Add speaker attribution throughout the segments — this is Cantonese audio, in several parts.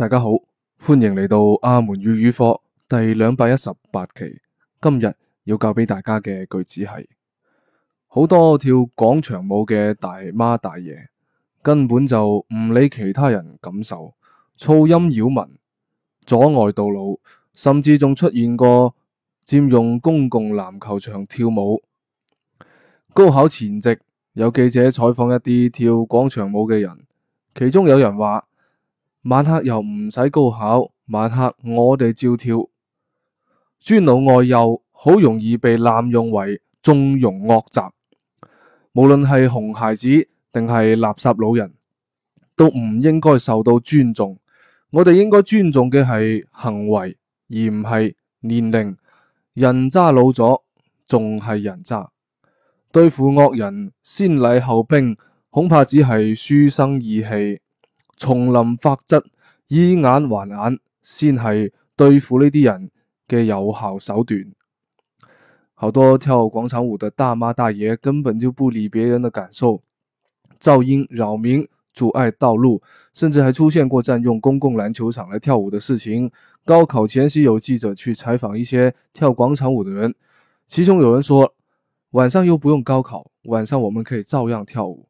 Speaker 1: 大家好，歡迎嚟到阿門粵語課第兩百一十八期。今日要教俾大家嘅句子係：好多跳廣場舞嘅大媽大爺，根本就唔理其他人感受，噪音擾民，阻礙道路，甚至仲出現過佔用公共籃球場跳舞。高考前夕，有記者採訪一啲跳廣場舞嘅人，其中有人話，晚黑又唔使高考，晚黑我哋照跳。尊老愛幼，好容易被濫用為縱容惡習。無論係熊孩子定係垃圾老人，都唔應該受到尊重。我哋應該尊重嘅係行為，而唔係年齡。人渣老咗仲係人渣。對付惡人，先禮後兵，恐怕只係書生意氣。叢林法則，以眼還眼，先係對付呢啲人嘅有效手段。好多跳廣場舞的大媽大爺根本就不理別人的感受，噪音擾民，阻礙道路，甚至還出現過佔用公共籃球場嚟跳舞的事情。高考前夕，有記者去採訪一些跳廣場舞的人，其中有人說，晚上又不用高考，晚上我們可以照樣跳舞。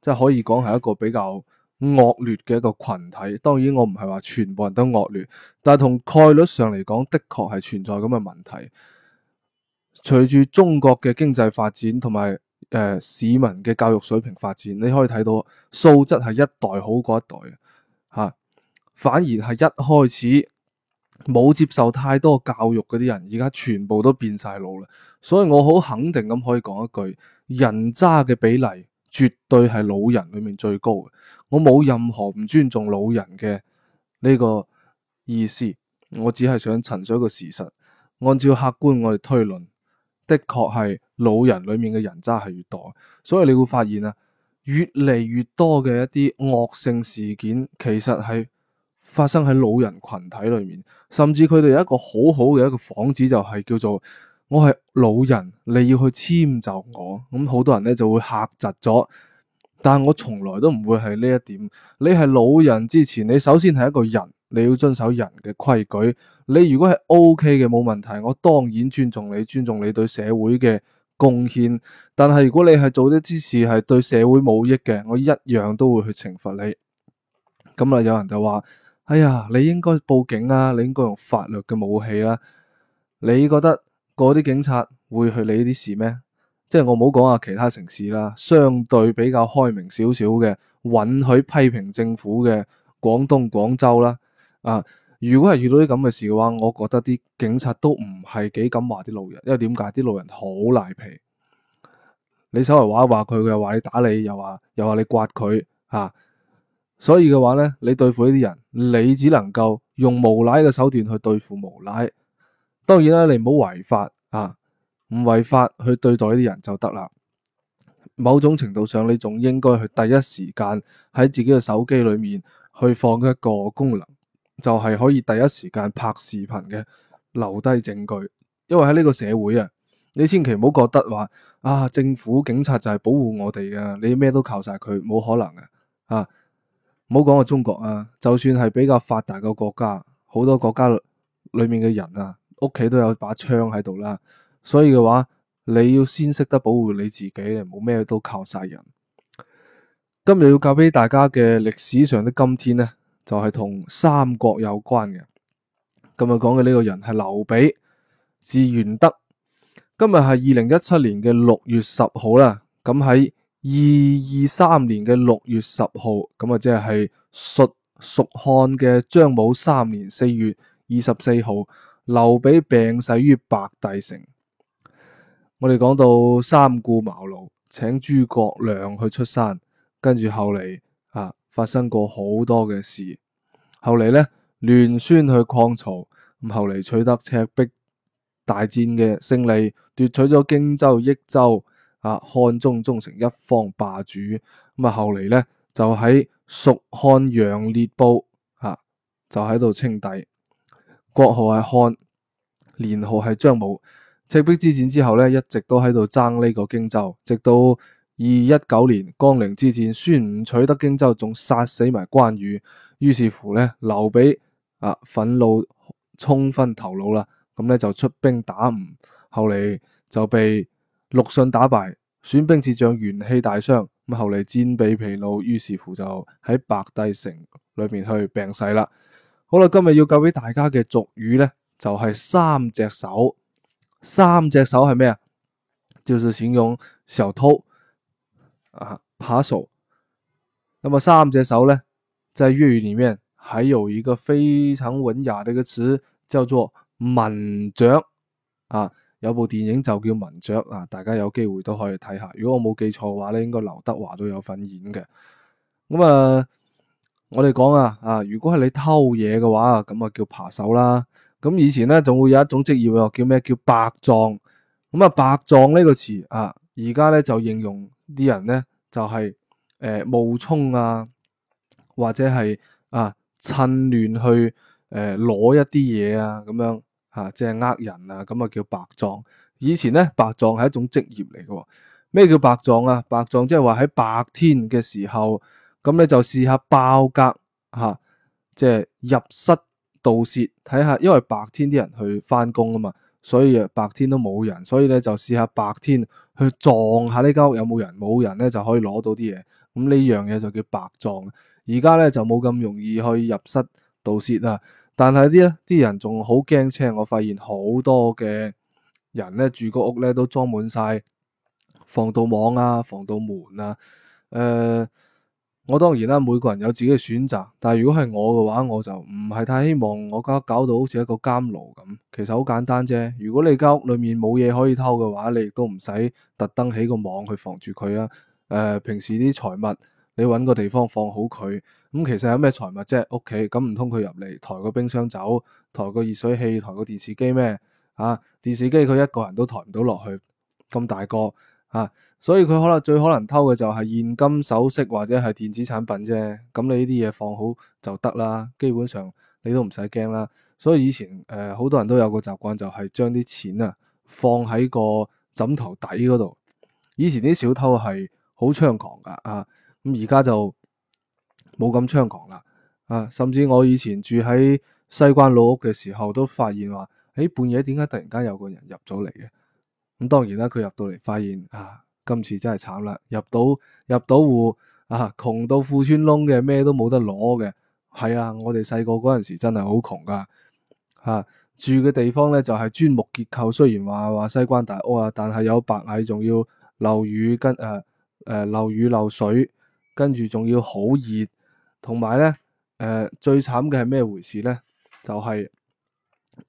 Speaker 1: 即係可以講係一個比較惡劣嘅一個群體，當然我唔係話全部人都惡劣，但係從概率上嚟講，的確係存在咁嘅問題。隨住中國嘅經濟發展同埋誒市民嘅教育水平發展，你可以睇到素質係一代好過一代吓、啊，反而係一開始冇接受太多教育嗰啲人，而家全部都變晒老啦。所以我好肯定咁可以講一句，人渣嘅比例。絕對係老人裏面最高嘅，我冇任何唔尊重老人嘅呢個意思，我只係想陳述一個事實，按照客觀我哋推論，的確係老人裏面嘅人渣係越多，所以你會發現啊，越嚟越多嘅一啲惡性事件，其實係發生喺老人群體裏面，甚至佢哋有一個好好嘅一個幌子，就係叫做。我係老人，你要去遷就我，咁、嗯、好多人咧就會嚇窒咗。但係我從來都唔會係呢一點。你係老人之前，你首先係一個人，你要遵守人嘅規矩。你如果係 O K 嘅冇問題，我當然尊重你，尊重你對社會嘅貢獻。但係如果你係做啲之事係對社會冇益嘅，我一樣都會去懲罰你。咁、嗯、啊，有人就話：哎呀，你應該報警啊，你應該用法律嘅武器啦、啊。你覺得？嗰啲警察會去理呢啲事咩？即係我唔好講下其他城市啦，相對比較開明少少嘅，允許批評政府嘅廣東廣州啦。啊，如果係遇到啲咁嘅事嘅話，我覺得啲警察都唔係幾敢話啲路人，因為點解啲路人好賴皮？你稍為話一話佢，佢又話你打你，又話又話你刮佢嚇，啊。所以嘅話咧，你對付呢啲人，你只能夠用無賴嘅手段去對付無賴。當然啦，你唔好違法啊，唔違法去對待呢啲人就得啦。某種程度上，你仲應該去第一時間喺自己嘅手機裏面去放一個功能，就係可以第一時間拍視頻嘅，留低證據。因為喺呢個社會啊，你千祈唔好覺得話啊，政府警察就係保護我哋嘅，你咩都靠晒佢，冇可能嘅啊。唔好講話中國啊，就算係比較發達嘅國家，好多國家裏面嘅人啊。屋企都有把槍喺度啦，所以嘅話，你要先識得保護你自己，冇咩都靠晒人。今日要教俾大家嘅歷史上的今天呢，就係同三國有關嘅。今日講嘅呢個人係劉備，字玄德。今日係二零一七年嘅六月十號啦，咁喺二二三年嘅六月十號，咁啊即係蜀蜀漢嘅張武三年四月二十四號。劉備病死於白帝城，我哋講到三顧茅廬，請諸葛亮去出山，跟住後嚟啊發生過好多嘅事，後嚟咧聯孫去抗曹，咁後嚟取得赤壁大戰嘅勝利，奪取咗荊州、益州啊，漢中，終成一方霸主，咁啊後嚟咧就喺蜀漢楊烈部啊就喺度稱帝。國號係漢，年號係張武。赤壁之戰之後咧，一直都喺度爭呢個荊州，直到二一九年江陵之戰，孫吳取得荊州，仲殺死埋關羽。於是乎咧，劉備啊憤怒，衝昏頭腦啦，咁咧就出兵打吳，後嚟就被陸遜打敗，損兵折將，元氣大傷。咁後嚟戰備疲勞，於是乎就喺白帝城裏面去病逝啦。好啦，今日要教俾大家嘅俗語咧，就係三隻手。三隻手係咩啊？就係形容小偷啊，扒手。那麼三隻手咧，即係粵語裏面還有一個非常文雅嘅個詞，叫做文雀啊。有部電影就叫文雀啊，大家有機會都可以睇下。如果我冇記錯嘅話咧，應該劉德華都有份演嘅。咁啊。我哋講啊，啊，如果係你偷嘢嘅話，咁啊叫扒手啦。咁以前咧，仲會有一種職業叫咩？叫白撞。咁啊，白撞呢個詞啊，而家咧就形容啲人咧，就係誒冒充啊，或者係啊趁亂去誒攞一啲嘢啊，咁樣吓，即係呃人啊，咁啊叫白撞。以前咧，白撞係一種職業嚟嘅。咩叫白撞啊？白撞即係話喺白天嘅時候。咁你就試下爆格吓，即、啊、係、就是、入室盜竊，睇下，因為白天啲人去翻工啊嘛，所以啊白天都冇人，所以咧就試下白天去撞下呢間屋有冇人，冇人咧就可以攞到啲嘢。咁呢樣嘢就叫白撞。而家咧就冇咁容易去入室盜竊啦，但係啲咧啲人仲好驚青，我發現好多嘅人咧住個屋咧都裝滿晒防盜網啊、防盜門啊，誒、呃。我當然啦，每個人有自己嘅選擇，但係如果係我嘅話，我就唔係太希望我家搞到好似一個監牢咁。其實好簡單啫，如果你間屋裏面冇嘢可以偷嘅話，你亦都唔使特登起個網去防住佢啊。誒、呃，平時啲財物，你揾個地方放好佢。咁、嗯、其實有咩財物啫？屋企咁唔通佢入嚟抬個冰箱走，抬個熱水器，抬個電視機咩？啊，電視機佢一個人都抬唔到落去，咁大個。啊，所以佢可能最可能偷嘅就係現金、首飾或者係電子產品啫。咁你呢啲嘢放好就得啦，基本上你都唔使驚啦。所以以前誒，好多人都有個習慣就係將啲錢啊放喺個枕頭底嗰度。以前啲小偷係好猖狂噶，啊咁而家就冇咁猖狂啦。啊，甚至我以前住喺西關老屋嘅時候，都發現話，誒，半夜點解突然間有個人入咗嚟嘅？咁當然啦，佢入到嚟發現啊，今次真係慘啦！入到入到戶啊，窮到褲穿窿嘅，咩都冇得攞嘅。係啊，我哋細個嗰陣時，時真係好窮噶嚇、啊，住嘅地方咧就係、是、磚木結構。雖然話話西關大屋啊，但係有白蟻，仲要漏雨跟誒誒漏雨漏水，跟住仲要好熱。同埋咧誒，最慘嘅係咩回事咧？就係、是、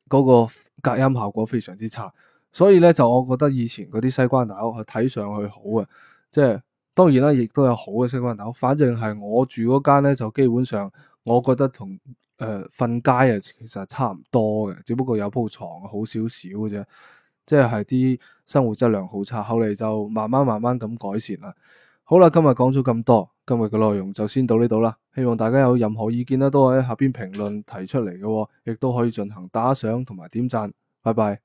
Speaker 1: 嗰個隔音效果非常之差。所以咧，就我覺得以前嗰啲西關大屋係睇上去好嘅，即係當然啦，亦都有好嘅西關大屋。反正係我住嗰間咧，就基本上我覺得同誒瞓街啊，其實差唔多嘅，只不過有鋪床好少少嘅啫，即係啲生活質量好差。後嚟就慢慢慢慢咁改善啦。好啦，今日講咗咁多，今日嘅內容就先到呢度啦。希望大家有任何意見咧，都可以喺下邊評論提出嚟嘅喎，亦都可以進行打賞同埋點贊。拜拜。